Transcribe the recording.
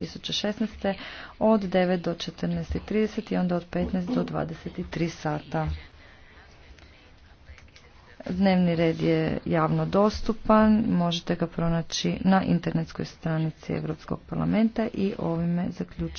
2016. od 9 do 14.30 i onda od 15 do 23 sata. Dnevni red je javno dostupan, možete ga pronaći na internetskoj stranici Europskog parlamenta i ovime zaključujem.